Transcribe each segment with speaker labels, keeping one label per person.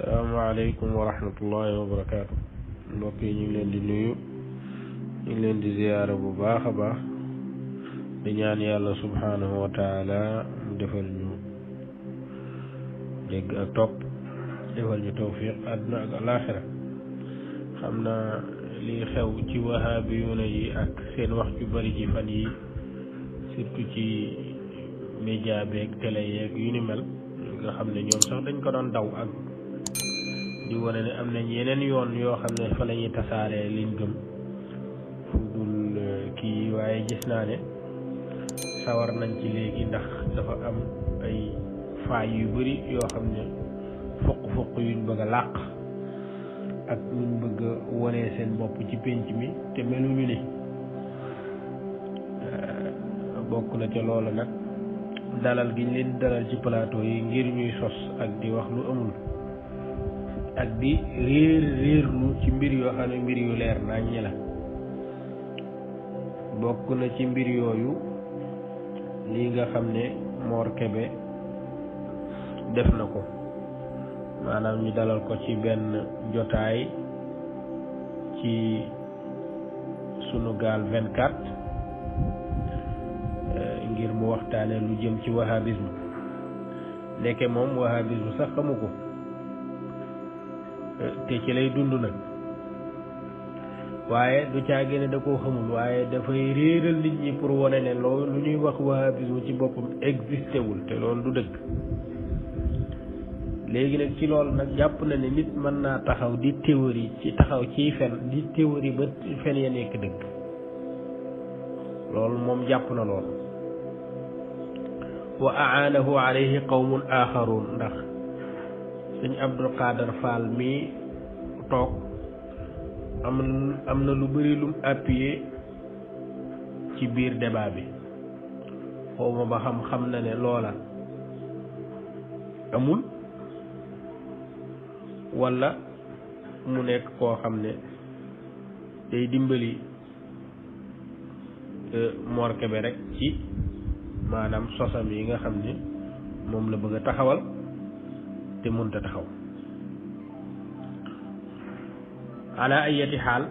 Speaker 1: salaamaaleykum wa rahmatullahi wa barakaatu mbokk yi ñu ngi leen di nuyu ñu ngi leen di ziyaara bu baax a baax di ñaan yàlla subhaanahu wa taala mu defal ñu dégg ak topp defal ñu tawfiq àdduna ak alaaxira xam na li xew ci wahabiyuuna yi ak seen wax ju bari ji fan yi surtout ci média beeg télé yeeg yu ni mel nga xam ne ñoom sax dañ ko doon daw ak di wone ne am nañ yeneen yoon yoo xam ne fa lañuy ñuy tasaaree liñ gëm fu dul eh, kii waaye gis naa ne sawar nañ ci léegi ndax dafa am ay faay yu bëri yoo xam ne fokk fuq yuñ bëgg a làq ak ñuñ bëgg wone seen bopp ci penc mi te meluñu ne eh, bokk na ca loola nag dalal giñ leen dalal ci plateau yi ngir ñuy sos ak di wax lu amul ak di réer réerlu ci mbir yoo xam ne mbir yu leer naññ la bokk na ci mbir yooyu li nga xam ne Mor def na ko maanaam ñu dalal ko ci benn jotaay ci sunu Sunugal 24 euh, ngir mu waxtaane lu jëm ci wahabisme ndeke moom wahabisme sax xamu ko te ci lay dund nag waaye du caage ne da ko xamul waaye dafay réeral nit pour wone ne loolu lu ñuy wax wahabisme ci boppam existé te lool du dëgg léegi nag ci loolu nag jàpp na ne nit mën naa taxaw di théorie ci taxaw ciy fen di théorie ba fen ya nekk dëgg loolu moom jàpp na loolu wa aanahu alayhi qawmun aaxaruun ndax sëñ Abdou Khader Fall mii toog am na lu bëri lum appuyé ci biir débat bi xawma ba xam xam na ne loola amul walla mu nekk koo xam ne day dimbali euh, Mor Kébé rek ci maanaam sosam yi nga xam ne moom la bëgg a taxawal te mënta taxaw ala ayati xaal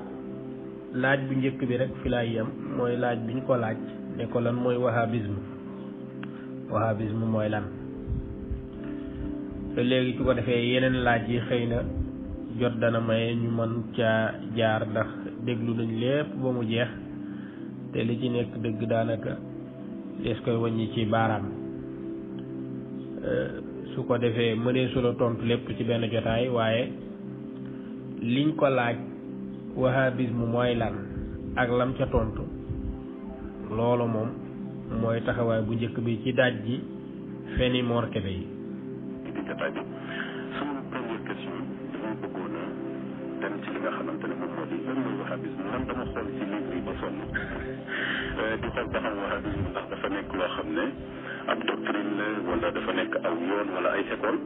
Speaker 1: laaj bu njëkk bi rek fi laay yem mooy laaj bi ñu ko laaj ne ko lan mooy wahabisme wahabisme mooy lan te léegi su ko defee yeneen laaj yi xëy na jot dana maye ñu mën ca jaar ndax déglu nañ lépp ba mu jeex te li ci nekk dëgg daanaka lees koy wàññi ci baaraam euh, su ko defee mënee su tontu lépp ci benn jotaay waaye liñ ko laaj wahabisme mooy lan ak lam ca tontu loolu moom mooy taxawaay bu njëkk bi ci daaj ji feni morkete yi
Speaker 2: sama man dama xool ci livre yi ba sonn euh, di xool ba xam wahabisme ndax dafa nekk loo xam ne ab doctrine la wala dafa nekk aw yoon wala ay école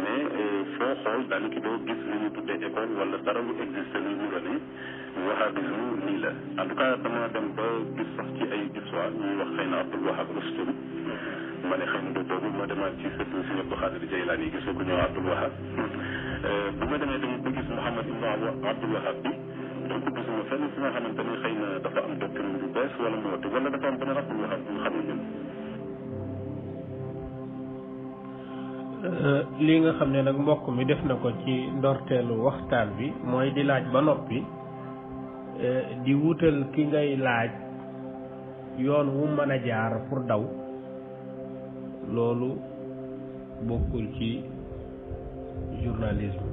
Speaker 2: mais euh, foo xool daanaka doo gis lu ñu tuddee école wala lu existé lu ñu la ne wahabisme nii la en tout cas dama dem ba gis sax ci ay histoire ñuy na Abdul Wahab Rustum ma ci surtout si Abdul Xaadir Jaylaan yi gisoo ko ñëw Abdul euh, bu ma demee tamit ba gis Mouhamad ibn Abdul Wahab bi donc gisuma am doctrine bu bees wala mu wati wala dafa am benn rapport bu nga xam ne ñun
Speaker 1: Euh, li nga xam ne nag mbokk mi def na ko ci ndorteelu waxtaan bi mooy di laaj ba noppi euh, di wutal ki ngay laaj yoon wu mën a jaar pour daw loolu bokkul ci journalisme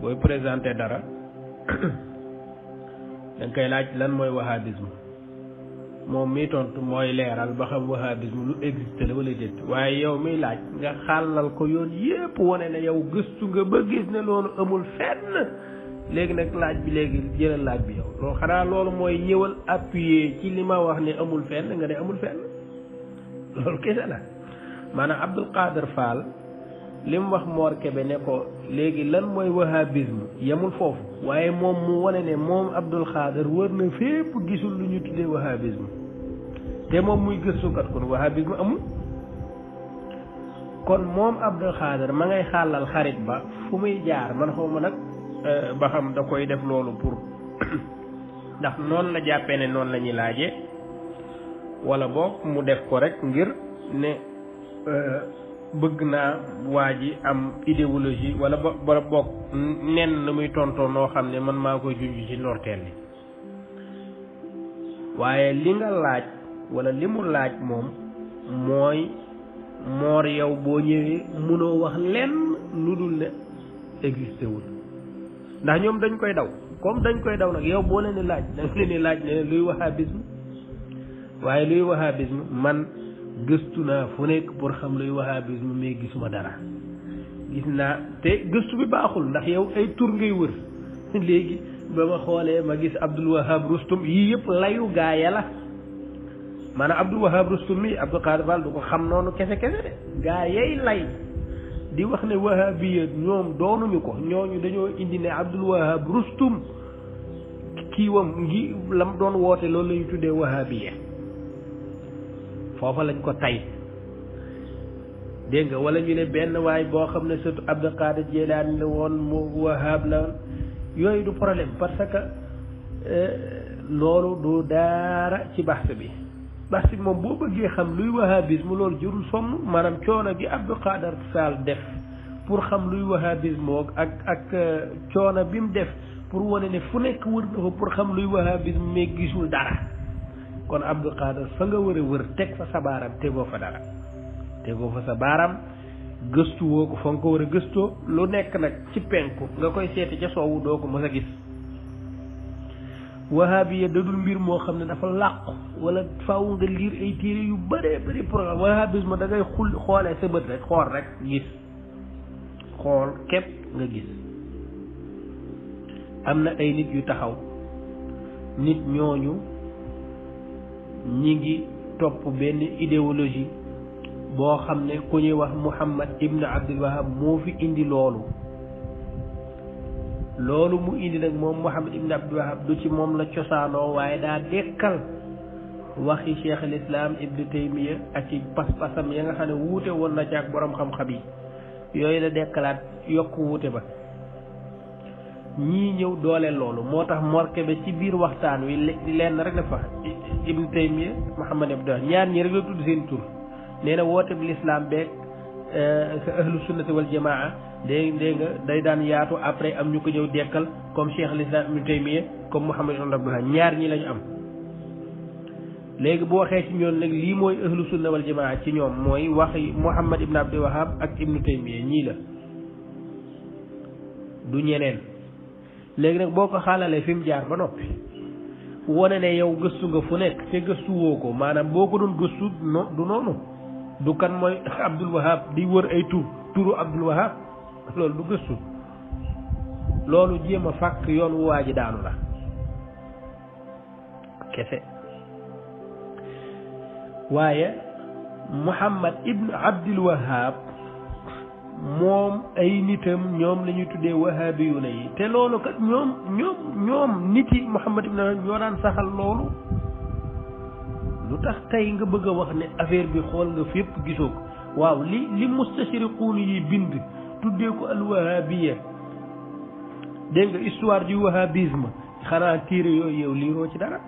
Speaker 1: booy présenté dara danga koy laaj lan mooy wahhabisme moom mi tontu mooy leeral ba xam wahabisme lu existe la wala waaye yow miy laaj nga xàllal ko yoon yépp wane ne yow gëstu nga ba gis ne loolu amul fenn léegi nag laaj bi léegi jëlal laaj bi yow loolu xanaa loolu mooy ñëwal appuyer ci li ma wax ne amul fenn nga ne amul fenn loolu kese la maanaam Abdul Qadir Fall li wax Mor Kébé ne ko léegi lan mooy wahabisme yemul foofu waaye moom mu wane ne moom Abdul Xaadir wër na fépp gisul lu ñu tuddee wahabisme te moom muy gëstukat kon wahabisme amul kon moom Abdul Xaadir ma ngay xàllal xarit ba fu muy jaar man xaw ma nag euh, ba xam da koy def loolu pour ndax noonu la jàppee ne noonu la ñuy laajee wala boog mu def ko rek ngir ne. Euh, bëgg naa waa ji am idéologie wala ba bokk nenn na muy tontoo noo xam ne man maa koy junj ci ndorteel li waaye li nga laaj wala li mu laaj moom mooy moor yow boo ñëwee mënoo wax lenn lu dul ne existé ndax ñoom dañ koy daw comme dañ koy daw nag yow boo leen laaj da leen laaj ne luy wahhabisme waaye luy wahhabisme man gëstu naa fu nekk pour xam luy wahabisme mais gisuma dara gis naa te gëstu bi baaxul ndax yow ay tur ngay wër léegi ba ma xoolee ma gis Abdul Wahab Rustum yii yëpp layu gaaya la maanaam Abdul Wahab Rustum mi Abdou Qadir du ko xam noonu kese kese de gaa yay lay di wax ne wahabiya ñoom doonuñu ko ñooñu dañoo indi ne Abdul Wahab Rustum kiiwam ngi lam doon woote loolu la ñu tuddee wahabiya foofa lañ ko tay dégg nga wala ñu ne benn waay boo xam ne surtout Abdul Qadir Jeylaani la woon mu wahaab la yooyu du problème parce que euh, loolu du daara ci bahs bi bahs bi moom boo bëggee xam luy wahabisme loolu jurul sonn maanaam coono bi Abdul Qadir Sall def pour xam luy wahabisme mook ak ak euh, coono bi mu def pour wane ne fu nekk wër na ko pour xam luy wahabisme mais gisul dara kon abdou qadir fa nga wëre wër teg fa sa baaram tegoo fa dara tegoo fa sa baaram gëstu woo ko fa nga ko war a gëstoo lu nekk nag ci penku nga koy seete ca soowu doo ko mës a gis wahabiya dadul mbir moo xam ne dafa làq wala faaw nga liir ay téere yu bëree bëri pour wahabisme da ngay xul xoolee sa bët rek xool rek gis xool képp nga gis am na ay nit yu taxaw nit ñooñu ñi ngi topp benn idéologie boo xam ne ku ñuy wax Muhammad ibn Abdul Wahab moo fi indi loolu loolu mu indi nag moom Muhammad ibn Abdul Wahab du ci moom la cosaanoo waaye daa dekkal waxi cheikh al islam ibnu taymiya ak ci pas-pasam ya nga xam ne wuute woon na ci ak boroom xam-xam yi yooyu la dekkalaat yokk wuute ba ñii ñëw doole loolu moo tax morke be ci biir waxtaan wi lenn rek dafa ibnu taymiya muhammad abdullah ñaar ñi rek la tudd seen tur nee na woote bi lislaam beeg sa euh, ahlu sunnati nga day daan yaatu après am ñu ko ñëw dekkal comme cheikh lislaam ibnu taymiya comme muhammad abdullah ñaar ñi lañu am léegi bu waxee ci ñoom nag lii mooy ahlu sunna wal jamaa ci ñoom mooy wax muhammad ibnu abdul wahab ak ibnu taymiya ñii la du ñeneen léegi nag boo ko xaalalee fi mu jaar ba noppi wane ne yow gëstu nga fu nekk te gëstu ko maanaam boo ko doon gëstu no du noonu du kan mooy Abdul Wahab di wër ay tur turu Abdul Wahab loolu du gëstu loolu jéem a fàkk yoon wu waa ji daanu la kese waaye Muhammad ibn Abdul Wahab moom ay nitam ñoom la ñuy tuddee wahabiyuna yi te loolu kat ñoom ñoom ñoom nit yi Muhammad ibn ñoo daan saxal loolu lu tax tey nga bëgg a wax ne affaire bi xool nga fépp gisoo ko waaw li li mustashriquun yi bind tuddee ko al wahabiya dégg nga histoire du wahabisme xanaa téere yooyu yow liiroo ci dara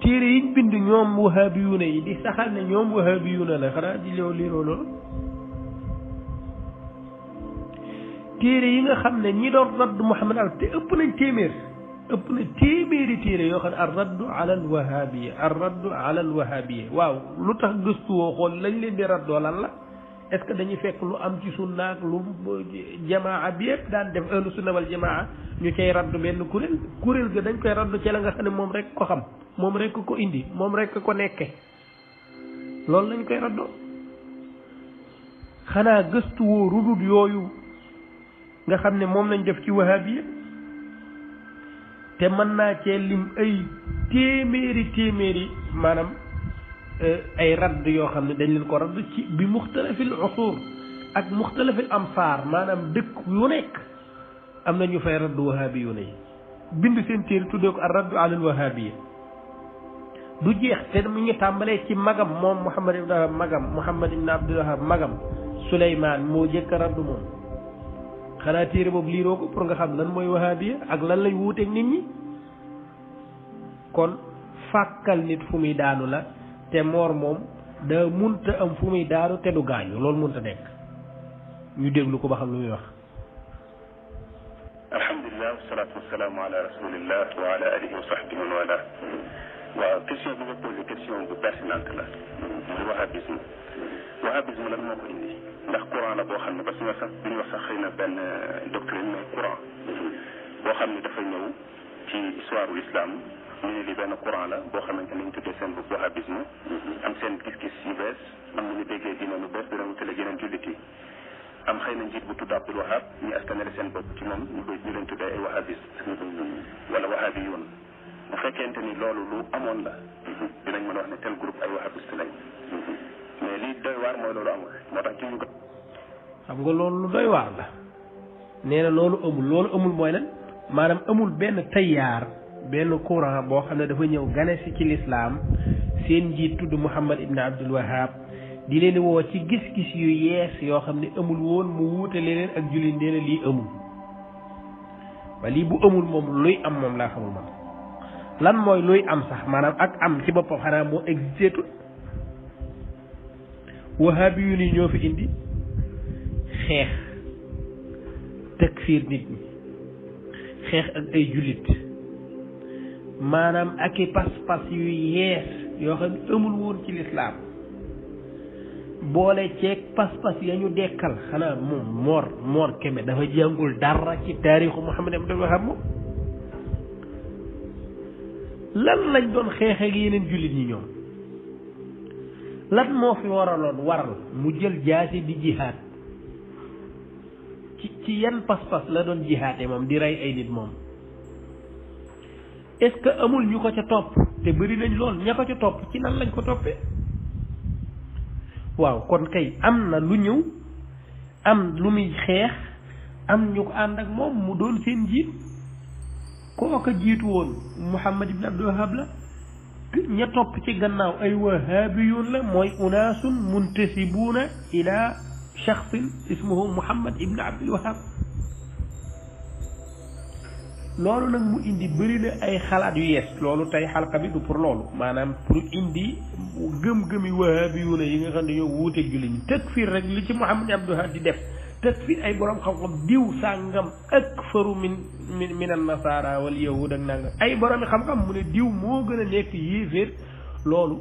Speaker 1: téere yiñ bind ñoom wahabiyuna yi di saxal ne ñoom wahabiyuna la xanaa di yow liiroo loolu téere yi nga xam ne ñi doon radd muhammad al te ëpp nañ téeméer ëpp na téeméeri téere yoo xam ne ar raddu ala al wahabiya ar raddu ala al waaw lu tax gëstu woo xool lañ leen di raddoo lan la est ce que dañuy fekk lu am ci sunna ak lu jamaa bi yëpp daan def ahlu sunna wal jamaa ñu cay raddu benn kuréel kuréel ga dañ koy raddu ci la nga xam ne moom rek ko xam moom rek ko indi moom rek ko nekke loolu lañ koy raddoo xanaa gëstu woo rudut yooyu nga xam ne moom lañ def ci wahabiya te mën naa cee lim ay téeméeri téeméeri maanaam ay radd yoo xam ne dañ leen ko radd ci bi muxtalafil usur ak muxtalafil amsaar maanaam dëkk yu nekk am na ñu fay radd wahabi yu ne bind seen téere tuddee ko ar raddu alal du jeex te mu ngi tàmbalee ci magam moom muhammad ibn magam muhammad ibn abdullah magam suleymaan moo jëkk radd moom xanaa téere boobu liiroo ko pour nga xam lan mooy wahabiya ak lan lay wuuteeg nit ñi kon fàkkal nit fu muy daanu la te moor moom da munta am fu muy daanu te du gaañu loolu munta nekk ñu déglu ko ba xam lu muy wax
Speaker 2: alhamdulillah wasalaatu wasalaamu ala rasulillah wa ala alihi wa sahbihi man wala waaw question bi nga posé question bu pertinente la muy wahabisme wahabisme lan moo ko indi ndax courant la boo xam ne ba suñu sax duñu wax sax xëy na benn doctrine mais courant boo xam ne dafa ñëw ci histoire islam ñu ne li benn courant la boo xamante ne ñu tuddee seen bopp wahhabisme am seen gis-gis yu bees am nañu déggee diine lu bees dinañu tële yeneen jullit yi am xëy na njiit bu tudd abdul wahab ñu askanale seen bopp ci moom ñu koy ñu leen tuddee ay wahhabiste wala wahhabiyun bu fekkente ni loolu lu amoon la dinañ mën a wax ne tel groupe ay wahhabiste lañ mais li doy xam
Speaker 1: nga loolu lu doy waar la nee na loolu amul loolu amul mooy lan maanaam amul benn tayyaar benn courant boo xam ne dafa ñëw gane si ci lislaam seen njiit tudd Muhammad Ibn Abdul di woo ci gis yoo xam ne amul woon mu wuute leneen ak jullit nee na lii bu amul moom luy am moom laa xamul man lan mooy luy am sax maanaam ak am ci boppam xanaa moo existeetul wahabiyu ni ñoo fi indi xeex takfiir nit ñi xeex ak ay jullit maanaam ak i pas-pas yu yees yoo xam ne amul woon ci lislaam boole ceeg pas-pas ya ñu dekkal xanaa moom moor moor keme dafa jàngul dara ci taarixu Muhammad Abdul Wahab moom
Speaker 2: lan lañ doon xeex
Speaker 1: ak yeneen jullit ñi ñoom lan moo fi waraloon waral mu jël jaasi di jiixaat ci ci yan pas-pas la doon jihaate moom di rey ay nit moom est-ce que amul ñu ko ca topp te bëri nañ lool ña ko ca topp ci nan lañ ko toppee waaw kon kay am na lu ñëw am lu muy xeex am ñu ko ànd ak moom mu doon seen jiit ko jiitu woon Muhammad ibn Abdul Wahhab la ña topp ci gannaaw ay wahabiyun la mooy unaasun muntasibuuna ila shaxsin ismuhu muhammad ibn abdul wahab loolu nag mu indi bëri na ay xalaat yu yees loolu tey xalka bi du pour loolu maanaam pour indi gëm-gëmi wahabiyuna yi nga xam ne ñoo wuuteeg julli ñi takfir rek li ci muhammad abdul wahab di def tasfir ay borom xam-xam diw sàngam ak faru min min min an nasara wal yahud ak nangam ay boromi xam-xam mu ne diw moo gën a nekk yéeféer loolu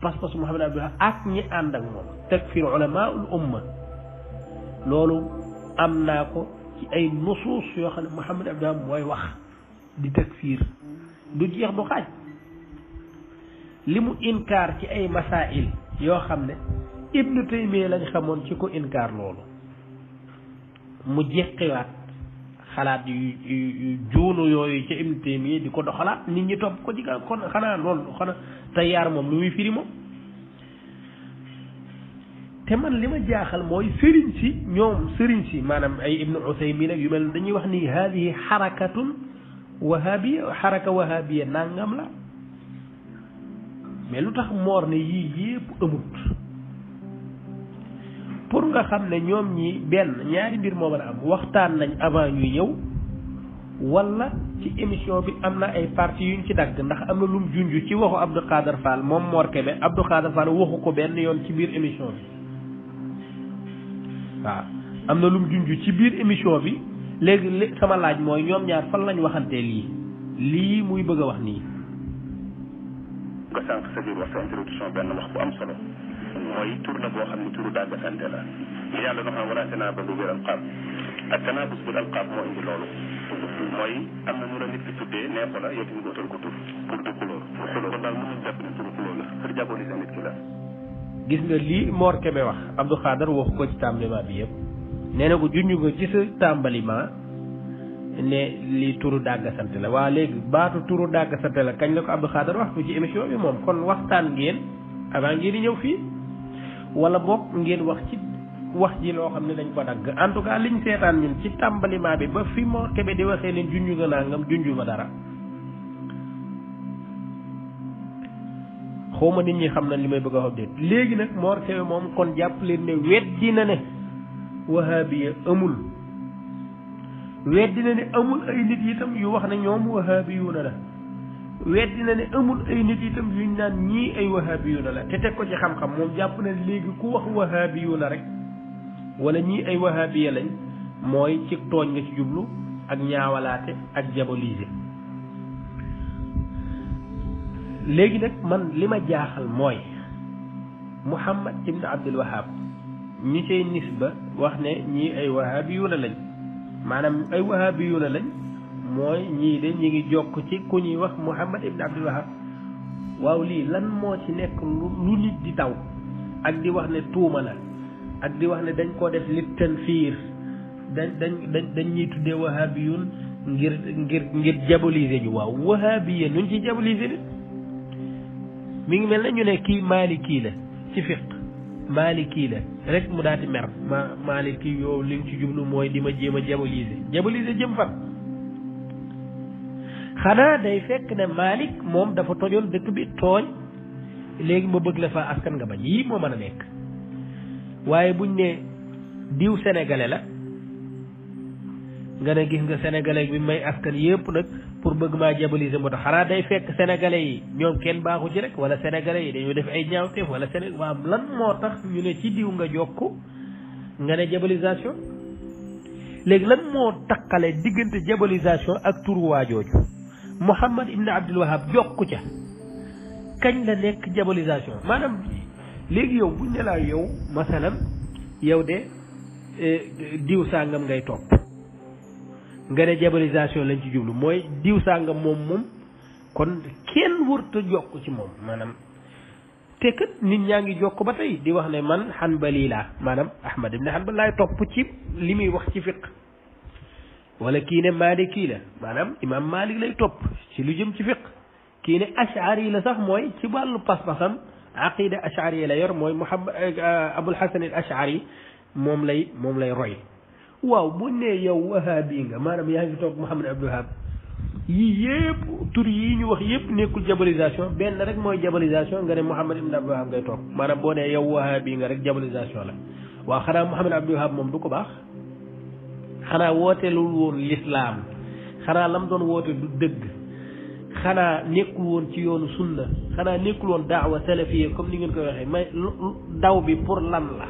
Speaker 1: pas-pas Muhammad Abdullah ak ñi ànd ak moom takfir ulamaul umma loolu am naa ko ci ay nusuus yoo xam ne mooy wax di takfir du mu inkaar ci ay masail yoo xam ne ibnu taymiya lañ xamoon ci ko inkaar loolu mu jeqiwaat xalaat yu yu juunu yooyu ca Ibn Taymiya di ko doxalaat nit ñi topp ko ci kon xanaa loolu xanaa tayyaar moom lu muy firimo te man li ma jaaxal mooy sëriñ si ñoom sëriñ si maanaam ay ibnu Usaymin ak yu mel dañuy wax ni haadihi xarakatun wahabiya xaraka wahabiya nangam la mais lu tax moor ne yii yépp amut pour nga xam ne ñoom ñi benn ñaari mbir moo mën a am waxtaan nañ avant ñuy ñëw wala ci émission bi am na ay parties yuñ ci dagg ndax am na lum junj ci waxu Abdou Khader Fall moom Mor Kébé Abdou Khader Fall waxu ko benn yoon ci biir émission bi waaw am na lum junj ci biir émission bi léegi li sama laaj mooy ñoom ñaar fan lañ waxantee lii lii muy bëgg a wax nii.
Speaker 2: nga sànq sa biir wax sa benn wax bu am solo. mooy tur la boo xam ne turu dàggasante la li yàlla no xam wala tanaabazu bil alqaab ak tanaabuz bil alqaab moo indi loolu mooy am na nu la nit ki tuddee neexu la yow tamit nga utal ko tur pour di xulóor pour xulóor kon
Speaker 1: gis nga lii Mor Kébé wax Abdou Khader wax ko ci tàmbalima bi yëpp nee ko junj ko ci sa tàmbalima ne lii turu dàggasante la waa léegi baatu turu dàggasante la kañ la ko Abdou Khader wax ko ci émission bi moom kon waxtaan ngeen avant ngeen fii wala boog ngeen wax ci wax ji loo xam ne dañ ko dagg en tout cas liñ seetaan ñun ci tàmbaliment bi ba fi Mor Kébé di waxee ne junj nga nangam junj ma dara xawma nit ñi xam na li may bëgg a wax déet léegi nag Mor moom kon jàpp leen ne weddi na ne wahabiya amul weddi na ne amul ay nit itam yu wax na ñoom wahabiyuuna la weddi na ne amul ay nit itam yuñ naan ñii ay wahabiyuna la te teg ko ci xam-xam moom jàpp na léegi ku wax wahabiyuna rek wala ñii ay wahabiya lañ mooy ci tooñ nga ci jublu ak ñaawalaate ak diaboliser léegi nag man li ma jaaxal mooy Muhammad ibn Abdul Wahab ñi cay nisba wax ne ñii ay wahabiyuna lañ maanaam ay wahabiyuna lañ mooy ñii de ñi ngi jokk ci ku ñuy wax Muhammad ibn Abdul Wahab waaw lii lan moo ci nekk lu nit di taw ak di wax ne tuuma la ak di wax ne dañ koo def littan fiir dañ dañ dañ dañ ñuy tuddee wahabiyun ngir ngir ngir diaboliser ñu waaw wahabiya ñu ci diaboliser nit mi ngi mel na ñu ne kii maliki la ci fiq maliki la rek mu daati mer ma kii yow li nga ci jublu mooy di ma jéem a diaboliser diaboliser jëm fan xanaa day fekk ne Malik moom dafa tojoon dëkk bi tooñ léegi ma bëgg la fa askan nga bañ yii moo mën a nekk waaye buñ ne diw sénégalais la nga ne gis nga sénégalais bi may askan yëpp nag pour bëgg maa diaboliser moo tax xanaa day fekk sénégalais yi ñoom kenn baaxu ci rek wala senegale yi dañoo def ay ñaawteef wala séné waaw lan moo tax ñu ne ci diw nga jokk nga ne diabolisation léegi lan moo takkale diggante diabolisation ak turu jooju Mouhamad Ibn Abdul Wahab yokku ca kañ la nekk diabolisation maanaam léegi yow buñ ne laa yow masalan de eh, diw sàngam ngay topp nga ne diabolisation lañ ci jublu mooy diw sàngam moom moom kon kenn wërta jokk ci moom maanaam te kat nit ñaa ngi jokk ba tey di wax ne man xanbali laa maanaam Ahmad ibn Hanbal laay topp ci li muy wax ci fiq wala kii ne maaliki la maanaam imaam maalik lay topp ci lu jëm ci fiq kii ne ashari la sax mooy ci wàllu pas-pasam aqida ashari la yor mooy muhammad abul hasan al ashari moom lay moom lay roy waaw bu ne yow wahabi nga maanaam yaa ngi toog muhammad abdul wahab yii yëpp tur yii ñu wax yëpp nekkul jabalisation benn rek mooy jabalisation nga ne Muhammad ibn Abdul Wahab ngay toog maanaam boo nee yow wahabi nga rek jabalisation la waaw xanaa Muhammad Abdul Wahab moom du ko baax xanaa wooteelul woon lislaam xanaa lam doon woote du dëgg xanaa nekkul woon ci yoonu sunna xanaa nekkul woon daawa salafiyya comme ni ngeen koy waxee may daw bi pour lan la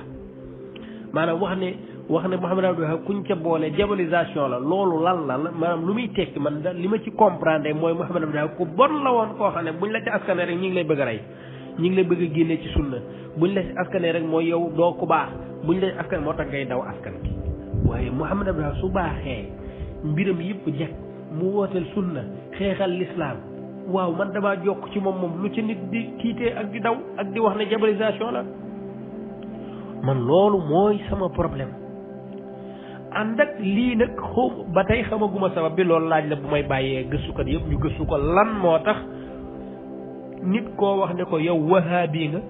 Speaker 1: maanaam wax ne wax ne Mouhamed Abdou Wahab kuñ ca boole diabolisation la loolu lan la maanaam lu muy tekki man da li ma ci comprendre mooy Mouhamed Abdou Wahab ku bon la woon koo xam ne bu ñu la ci askane rek ñi ngi lay bëgg a rey ñi ngi lay bëgg a génnee ci sunna buñ la ci rek mooy yow doo ku baax buñ la moo tax ngay daw askan gi waaye Mouhamed Abdallah su baaxee mbiram yëpp jekk mu wooteel sunna xeexal lislaam waaw man damaa jokk ci moom moom lu ci nit di tiitee ak di daw ak di wax ne diabolisation la man loolu mooy sama problème ànd ak lii nag xaw ba tey xamaguma sabab bi loolu laaj la bu may bàyyee gëstukat yépp ñu gëstu ko lan moo tax nit koo wax ne ko yow wahabi nga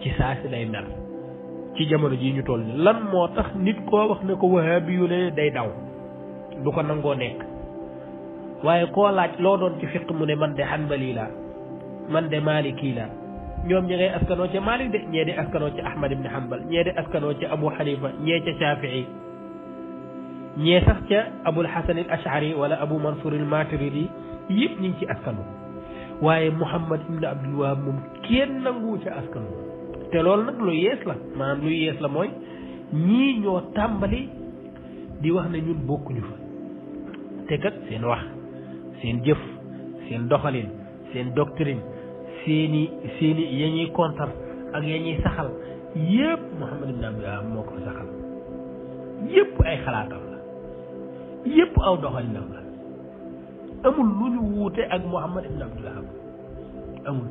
Speaker 1: ci saa si lay mel ci jamono jii ñu toll lan moo tax nit koo wax ne ko wahabi yu day daw du ko nangoo nekk waaye koo laaj loo doon ci fiq mu ne man de hanbali laa man de maliki laa ñoom ñi ngay askanoo ca Malik de ñee di askanoo ca Ahmad ibn Hanbal ñee di askanoo ca Abu Hanifa ñee ca Shafii ñee sax ca Abul Hasan al Ashari wala Abu Mansur al Maturidi yëpp ñu ci askanu waaye Muhammad ibn Abdul Wahab moom kenn nanguwu ca askanu te loolu nag lu yees la maanaam lu yees la mooy ñii ñoo tàmbali di wax ne ñun bokkuñu fa te kat seen wax seen jëf seen doxalin seen doctrine seeni seeni ya ñuy ak ya ñuy saxal yépp Muhammad ibn Abdullah moo ko saxal yépp ay xalaatam la yépp aw doxalinam la amul lu ñu wuute ak Muhammad ibn Abdullah amul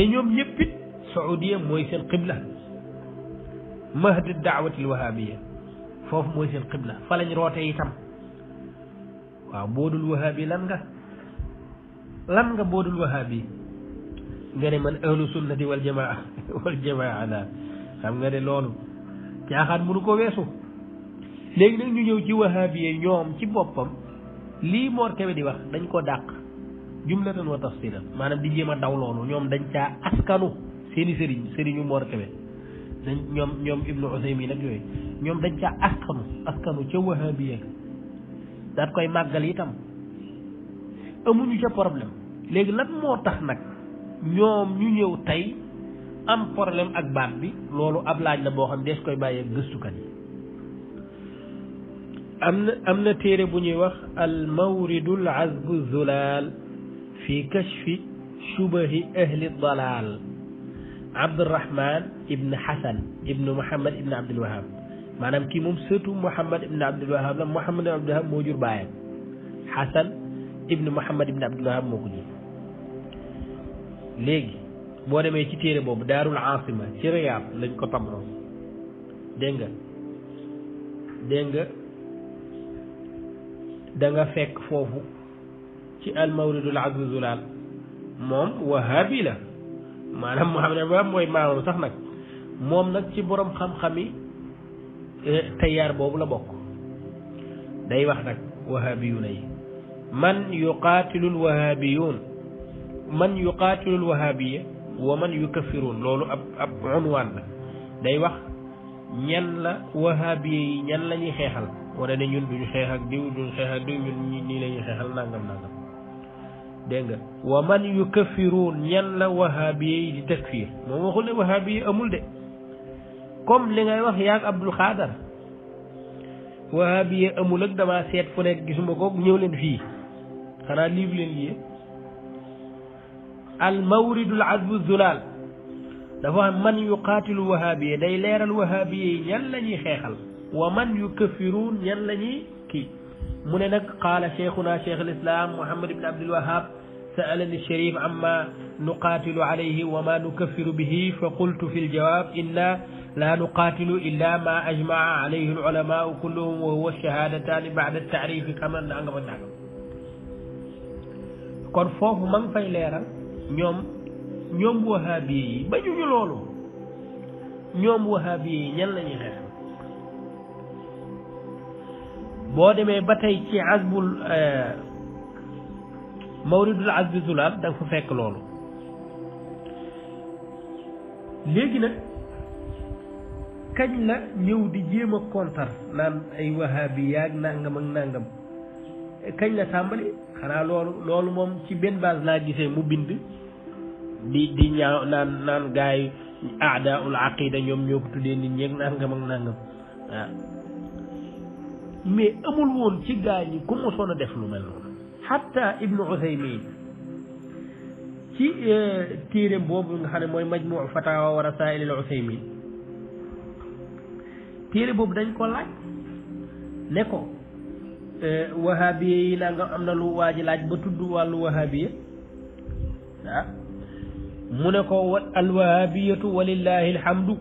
Speaker 1: te ñoom ñëpp it saudiya mooy seen qibla mahdi daawatil wahabiya foofu mooy seen qibla fa lañ roote itam waaw boodul wahabi lan nga lan nga boodul wahabi nga ne man ahlu sunnati wal jamaa wal jamaa xam nga ne loolu caaxaan mënu ko weesu léegi nag ñu ñëw ci wahabi yi ñoom ci boppam lii Mor Kébé di wax dañ ko dàq جمله وتفصيلا ما أنا دي جيما داو لولو نيوم دنجا اسكانو سيني سيرين سيرينو مور تبي نيوم نيوم ابن عثيمين اك يوي نيوم دنجا اسكانو اسكانو تي وهابيه دا كاي ماغال يتام امو نيو تي بروبليم لغي لات مو تخ نك نيوم ني نيو تاي ام بروبليم اك بام بي لولو ابلاج لا بو خام ديس كاي بايي گستو كان امنا امنا تيري بو نيي واخ المورد العزب الزلال fi kashfi shubahi ahli dalal Abdurahman ibn Hasan ibn Muhammad ibn Abdul Wahab maanaam kii moom sëtu Muhammad ibn Abdul Wahab la Muhammad ibn Abdul Wahab moo jur baayam Hasan ibn Muhammad ibn Abdul Wahab moo ko jur léegi boo demee ci téere boobu daarul asima ci Riyaad lañ ko tamroon dégg nga dégg nga fekk foofu ci al azzu zulaal moom wahaabi la maanaam moo xam ne ba mooy maamam sax nak mom nak ci borom xam-xami tayaar bobu la bok day wax nak wahaabiyuuna yi man al wahabiyun man yuqatilu al wahabiyya wa man yukaffirun lolu ab ab unwaan la day wax ñan la wahaabiya ñan la xéxal wala ne ñun duñu xéx ak diw duñu xéx ak diw ñun ñi nii xéxal nangam nangam دينغا ومن يكفرون نين لا وهابيه دي تكفير مو وهابي امول دي كوم لي غاي واخ ياك عبد الخادر وهابيه امول اك دابا سيت فوني غيسمako نيو لين في خانا ليف لين لي المورد العذب الزلال دافا من يقاتل الوهابيه داي ليرال الوهابيه نين لا نيي خيخال ومن يكفرون نين لا نيي كي من نك قال شيخنا شيخ الإسلام محمد بن عبد الوهاب سألني الشريف عما نقاتل عليه وما نكفر به فقلت في الجواب إنا لا نقاتل إلا ما أجمع عليه العلماء كلهم وهو الشهادتان بعد التعريف كما نعلم نعلم كون فوف مان فاي ليرا نيوم نيوم وهابي با نيو لولو نيوم وهابي نيان لا نيو boo demee ba tey ci azbul eh, mawridul azbi zulaab da nga fekk loolu léegi nag kañ la ñëw di jéem a kontar naan ay wahabi yaag nangam ak nangam kañ la tàmbali xanaa loolu loolu moom ci benn base laa gisee mu bind di di ñaaw naan naan gaay aada ul aqida ñoom ñoo ko tuddee nit ñeeg nangam ak nangam waaw mais amul woon ci gaa ñi def lu mel noonu xatta ibnu Usaymin ci euh, mooy majmuu fatawa wa rasaa'il al Usaymin téere boobu dañ ko laaj ne ko euh, wahabiya yi naa am na lu waa laaj ba tudd wàllu wahabiya ah mu ne ko alwahabiyatu walillahi alhamdu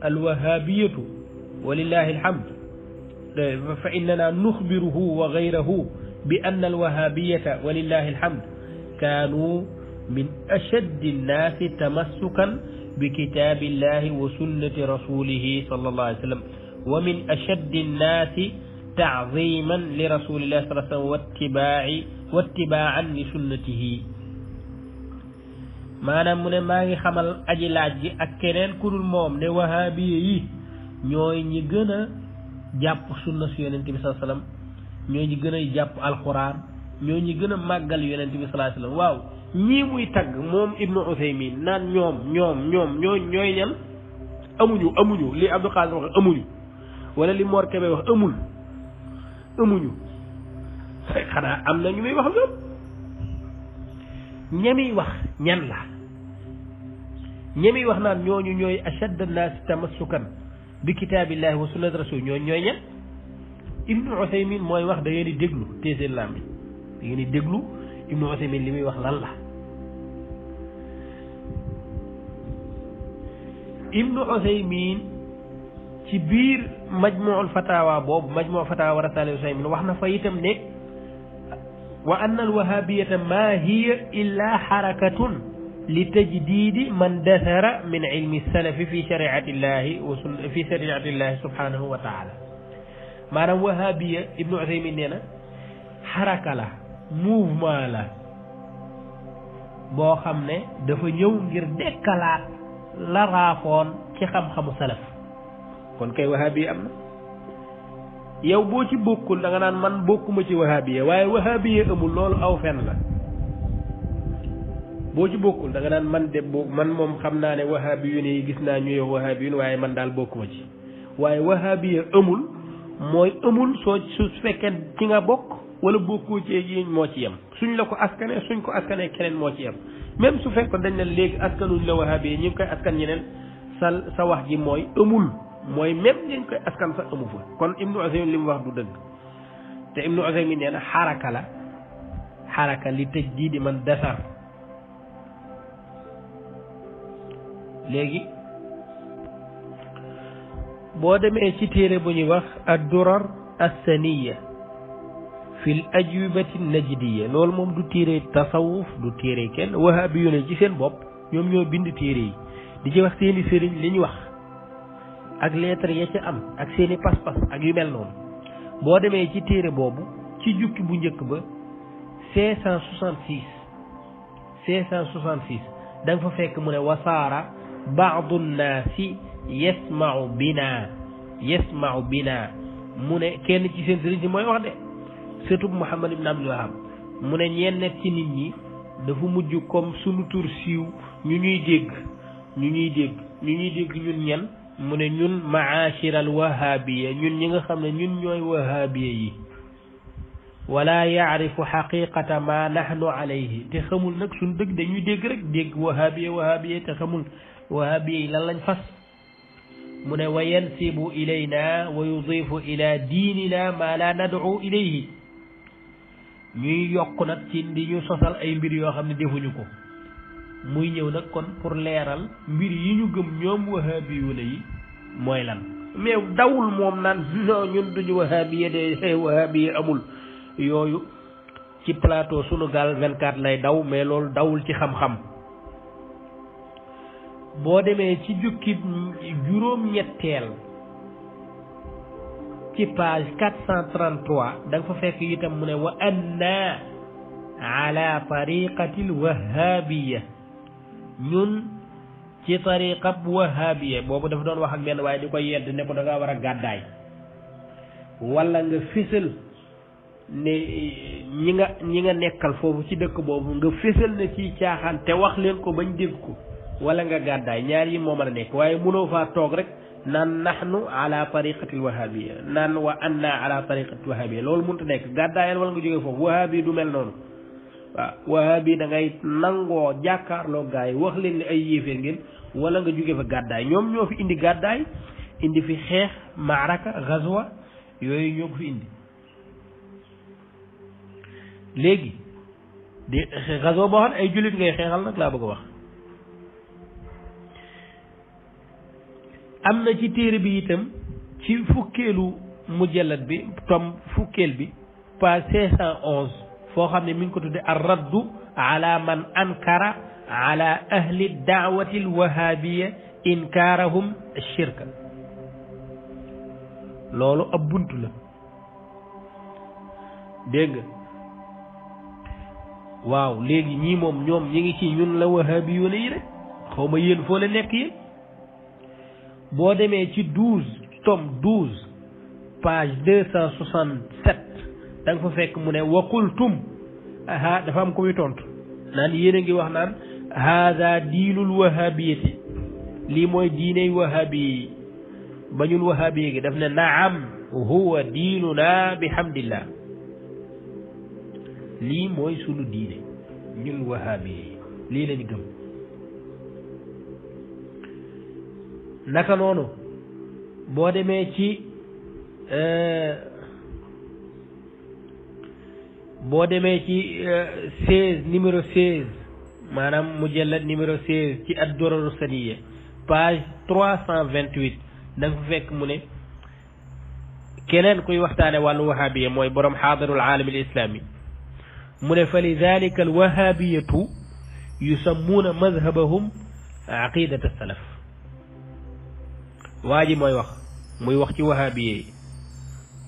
Speaker 1: alwahabiyatu walillahi alhamdu فإننا نخبره وغيره بأن الوهابية ولله الحمد كانوا من أشد الناس تمسكا بكتاب الله وسنة رسوله صلى الله عليه وسلم ومن أشد الناس تعظيما لرسول الله صلى الله عليه وسلم واتباع واتباعا لسنته ما mu ما خمل ngi xamal aji كل ji ak keneen ku jàpp sunna su yonent bi salaa sallam ñoo ñi gën a jàpp alxuraan ñoo ñi gën a màggal yonent bi salaa sallam waaw ñii muy tagg moom ibnu Usaymin naan ñoom ñoom ñoom ñoo ñooy ñan amuñu amuñu li Abdou Khadre wax amuñu wala li Mor Kébé wax amul amuñu xanaa am na ñu muy wax ñoom ñamiy wax ñan la ñamiy wax naan ñooñu ñooy ashadd annaasi tamassukan bi kitaabillahi wa sunnat rasul ñooñ ñooy ñan ibnu usaymin mooy wax da ngeen di déglu téye seen làmmiñ da ngeen di déglu ibnu usaymin li muy wax lan la ibnu usaymin ci biir majmuul fatawa boobu majmuul fatawa rasaale usaymin wax na fa itam ne wa anna alwahabiyata ma hiya illa xarakatun لتجديد من دثر من علم السلف في شريعة الله في شريعة الله سبحانه وتعالى ما وهابية ابن عثيمين هنا حركة له موفمان له بو خمنا دفع نيو نير ديكالا لا رافون كي خم خم سلف كون كي وهابية أم يو بوكي بوكو لغنان من بوكو مجي وهابية واي وهابية أمو لول أو فن له boo ci bokkul da nga naan man de bo man moom xam naa ne wahabi yu ne gis naa ñuy wahabi yu waaye man daal ma ci waaye wahabi ya amul mooy amul soo su fekkee ci nga bokk wala bokkoo ci yi moo ci yem suñ la ko askane suñ ko askane keneen moo ci yem même su fekkoon dañ ne léegi askanuñ la wahabi yi ñu koy askan ñeneen sa sa wax ji mooy amul mooy même ñu koy askan sa amu fa kon ibnu Usaymin li mu wax du dëgg te ibnu Usaymin nee na xaraka la xaraka li tëj jii di man dasar léegi boo demee ci téere bu ñuy wax ak ad-durar as-saniya fil ajwibati najdiya loolu moom du téere tasawuf du téere kenn wahabi yu ne ci seen bopp ñoom ñoo bind téere yi di ci wax seeni sëriñ li ñu wax ak lettre ya ca am ak seeni pas-pas ak yu mel noonu boo demee ci téere boobu ci jukki bu njëkk ba 566 566 da nga fa fekk mu ne wasaara baadu nnaasi yasmau bina yasmau bina mu ne kenn ci seen sëriñ si mooy wax de sëtub Muhammad ibn mu ne ñenn ci nit ñi dafa mujj comme sunu tur siiw ñu ñuy dégg ñu ñuy dégg ñu ñuy mu ne ñun maashiral wahaabiya ñun ñi nga xam ne ñun ñooy wahaabiya yi wala yaarifu xaqiqata ma nahnu alayhi te xamul nag suñ dëgg dañuy dégg rek dégg wahaabiya wahaabiya te xamul wahabi lan lañ fas mu ne wa yansibu ilayna wa yudifu ila diinina ma la nad'u ilayhi ñuy yokk nag ci di ñu sosal ay mbir yoo xam ne defuñu ko muy ñëw nag kon pour leeral mbir yi ñu gëm ñoom wahabiyuuna yi mooy lan mais dawul moom naan non ñun duñu wahabiya de eh, wahabiya amul yooyu ci plateau Sunugal 24 lay daw mais loolu dawul ci xam-xam boo demee ci jukki juróom-ñetteel ci page 433 da nga fa fekk itam mu ne wa anna ala tariqatil wahaabiya ñun ci tariqab wahaabiya boobu dafa doon wax ak benn waaye di ko yedd ne ko da war a gàddaay wala nga fésal ne ñi nga ñi nga nekkal foofu ci dëkk boobu nga fésal ne ciy caaxaan te wax leen ko bañ dégg ko wala nga gàddaay ñaar yi moo a nekk waaye mënoo faa toog rek naan nahnu ala tariqatil wahabia naan wa anna ala waa wahabia loolu mënut a nekk gàddaayal wala nga du mel noonu waaw wahabi da ngay nangoo wax leen ni ay yéeféer ngeen wala nga jóge fa gàddaay ñoom ñoo fi indi gàddaay indi fi xeex maaraka gazwa yooyu ñoo ko fi indi léegi di gazwa boo xam ay jullit ngay xeexal nag laa bëgg a wax am na ci téere bi itam ci fukkeelu mujallad bi tom fukkeel bi page cinq cent onze foo xam ne mi ngi ko tudde ar raddu ala man ankara ala ahli daawati al wahabiya inkaarahum shirka loolu ab bunt la dégg nga waaw léegi ñii moom ñoom ñi ngi ci ñun la wahabiyuuna yi rek xaw ma foo la nekk yéen boo demee ci douze tom douze page deux cent soixante sept da fa fekk mu ne waqultum aha dafa am ko muy tontu naan yéen a ngi wax naan haada diinul wahabiyati lii mooy diiney wahabiye yi bañul wahabiye gi daf ne naam huwa diinuna bihamdillah lii mooy sunu diine ñun wahabiye lii lañ gëm naka noonu bo demé ci euh bo demé ci 16 numéro seize maanaam mujallad numéro 16 ci ad-durar as-saniyya page 328 da nga fekk mu ne keneen kuy waxtaane wàllu wahabiya mooy borom xaadarul aalam al islami mu ne fa lidalika al wahabiyatu yusammuuna madhabahum aqidat as-salaf waji moy wax muy wax ci wahaabiye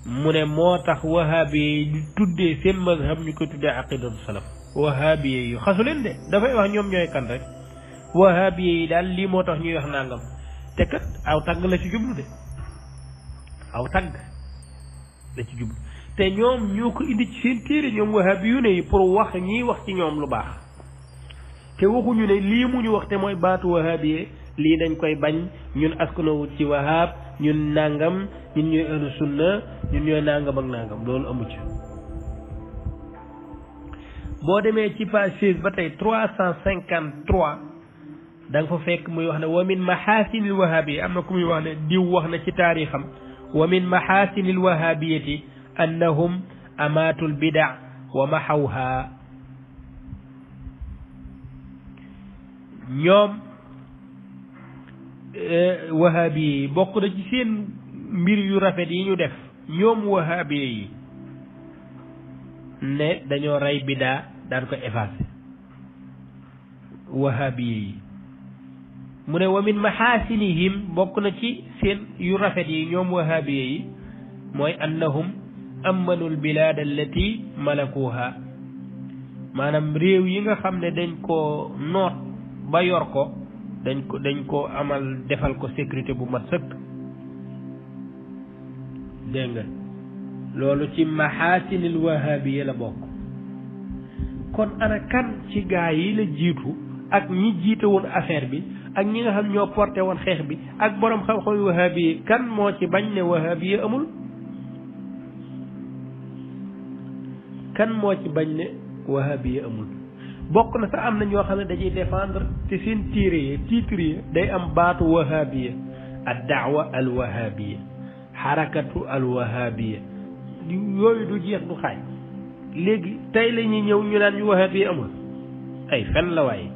Speaker 1: mune motax ne moo tax wahaabiye di tuddee seen mazhab ñu ko tuddé aqidat salaf wahaabiye yu xasulen de da fay wax ñom ñoy kan rek wahaabiye dal li motax ñuy wax nangam te kat aw tag la ci jublu de aw tag la ci jublu te ñom ñoko indi ci seen téré ñom wahaabi yu ne pour wax ñi wax ci ñom lu baax te waxu ñu ne li mu ñu wax te moy baatu wahaabiye lii dañ koy bañ ñun askanawut ci wahaab ñun nàngam ñun ñooy ahlu sunna ñun ñooy nàngam ak nàngam loolu amu boo demee ci page seize ba tey trois cent cinquante trois da fa fekk muy wax ne wa min mahaasinil am na ku muy wax ne diw wax na ci taarixam wa min mahaasinil wahaabiyati annahum amaatul bidaa wa maxawhaa ñoom Eh, wahaabi yi bokk na ci seen mbir yu rafet yi ñu def ñoom wahaabi yi ne dañoo rey bidaa daan ko effacé wahaabi yi mu ne wa min bokk na ci seen yu rafet yi ñoom wahaabi yi mooy annahum amanu albilaad allati malakuha maanaam réew yi nga xam ne dañ ko noot ba yor ko dañ ko dañ ko amal defal ko sécurité bu mat sëkk dégg nga loolu ci maxaasinil wahabiya la bokk kon ana kan ci gaa yi la jiitu ak ñi jiite woon affaire bi ak ñi nga xam ñoo porté woon xeex bi ak boroom xam-xam wahabiya kan moo ci bañ ne wahabiya amul kan moo ci bañ ne wahabiya amul bokk na sa am na ñoo xam ne dañuy défendre ci seen tiré ya titre ya day am baatu wahabiya ad da'wa al wahabiya harakatu al wahabiya yooyu du jeex du xaaj léegi tey la ñuy ñëw ñu naan ñu wahabiya amul
Speaker 2: ay fen la waaye